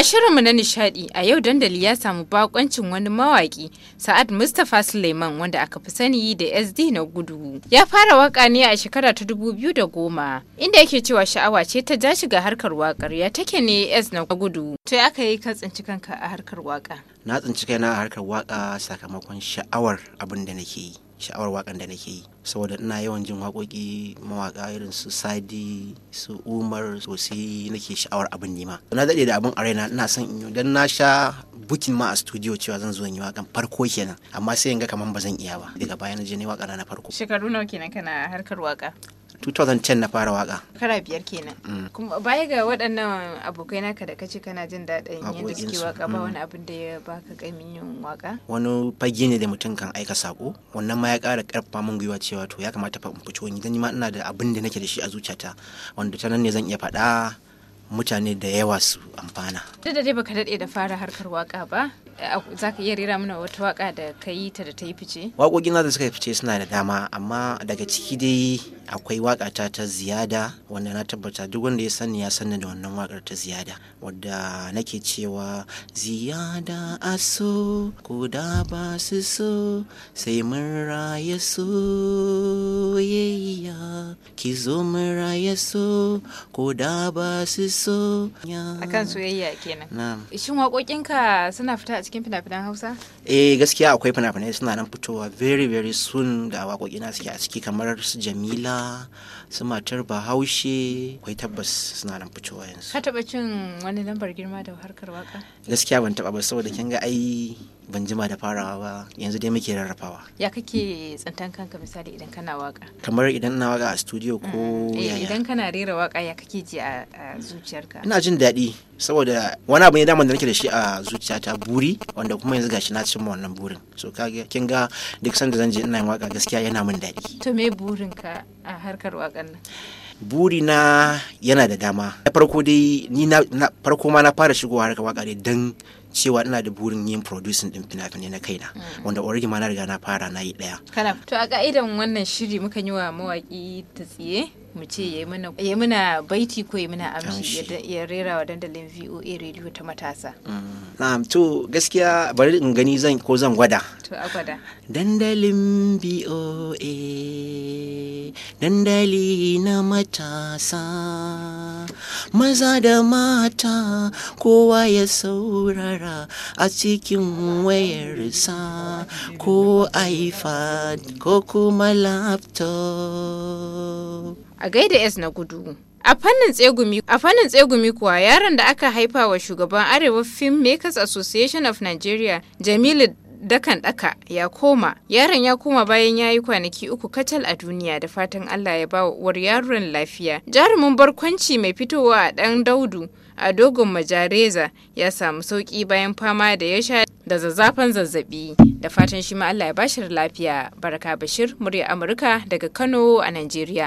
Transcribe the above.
A shirinmu na nishadi a yau dandali ya samu bakoncin wani mawaƙi, Sa'ad Mustapha Suleiman wanda aka fi sani da SD na gudu. Ya fara waka ne a shekara ta dubu biyu da goma inda yake cewa sha'awa ce ta ja shiga harkar wakar ya take ne S na gudu. To ya aka yi ka tsinci kanka a harkar waka? Na tsinci kaina a harkar waka sakamakon sha'awar abin da nake yi. sha'awar wakan da nake yi saboda ina yawan jin waƙoƙi mawaka irin su sadi su umar sosai nake sha'awar abin nema na daɗe da abin a raina ina son in dan na sha bukin ma a studio cewa zan zo in yi wakan farko kenan amma sai in ga kamar ba zan iya ba daga baya na je ne waka na farko shekaru nawa kenan kana harkar waƙa. 2010 na fara waka kara biyar kenan mm. kuma baya ga waɗannan abokai naka da kace kana jin daɗin yadda suke waka ba mm. wani abin da ya baka kaimin yin waka wani fage ne da mutum kan aika sako wannan ma ya ƙara ƙarfafa min gwiwa cewa to ya kamata fa in fito ni dan ma ina da abin da nake da shi a zuciyata wanda ta nan ne zan iya faɗa mutane da yawa su amfana. Duk da dai baka daɗe da fara harkar waka ba, za ka iya rera mana wata waka da ka yi ta da ta yi fice? Waƙoƙin da suka yi fice suna da dama, amma daga ciki dai akwai waka ta ta ziyada wanda na tabbata duk wanda ya sani ya sani da wannan wakar ta ziyada wadda nake cewa ziyada aso ko da ba su so sai mun raye so ki zo mu raye so ko da ba su so A kan soyayya kenan shin waƙoƙinka suna fita a cikin fina-finan Hausa eh gaskiya akwai fina-finai suna nan fitowa very very soon da waƙoƙina suke a ciki kamar su Jamila su matar Bahaushe akwai tabbas suna nan fitowa yanzu ka taɓa cin wani lambar girma da harkar waƙa? gaskiya ban taɓa ba saboda kin ga ai ban jima da farawa ba yanzu dai muke rarrafawa ya kake tsintan kanka misali idan kana waka kamar idan na waka a studio ko mm, eh, yaya idan kana rera waka ya kake ji a zuciyarka ina jin daɗi saboda wani abu ne daman da nake da shi a zuciyata buri wanda kuma yanzu gashi na cimma wannan burin so kage kin ga duk sanda zan je ina yin waka gaskiya yana min daɗi to me burinka a harkar wakan nan buri na yana da dama na farko dai ni na farko ma na fara shigowa harkar waka ne dan cewa ina da burin yin producing din fina-finai na kaina mm. wanda origin ma na riga na fara na yi daya kana to a ka'idan wannan shiri muka yi wa mawaki ta tsiye mu ce ya mana baiti ko ya mana amshi ya rera wa dandalin VOA radio ta matasa mm. na'am to gaskiya bari in gani zan ko zan gwada to a gwada dandalin VOA dandali na matasa maza da mata kowa ya saurara a cikin wayarsa ko ipad ko kuma laptop a gaida s na gudu A fannin tsegumi kuwa yaron da aka haifa wa shugaban Arewa Film Makers Association of Nigeria Jamilu dakan daka ya koma yaron ya koma bayan ya yi kwanaki uku kacal a duniya da fatan allah ya ba uwar yaron lafiya jarumin barkwanci mai fitowa a ɗan daudu a dogon majareza ya samu sauki bayan fama da ya sha da zazzafan zazzabi da fatan shi ma allah ya bashi lafiya baraka bashir murya amurka daga kano a nigeria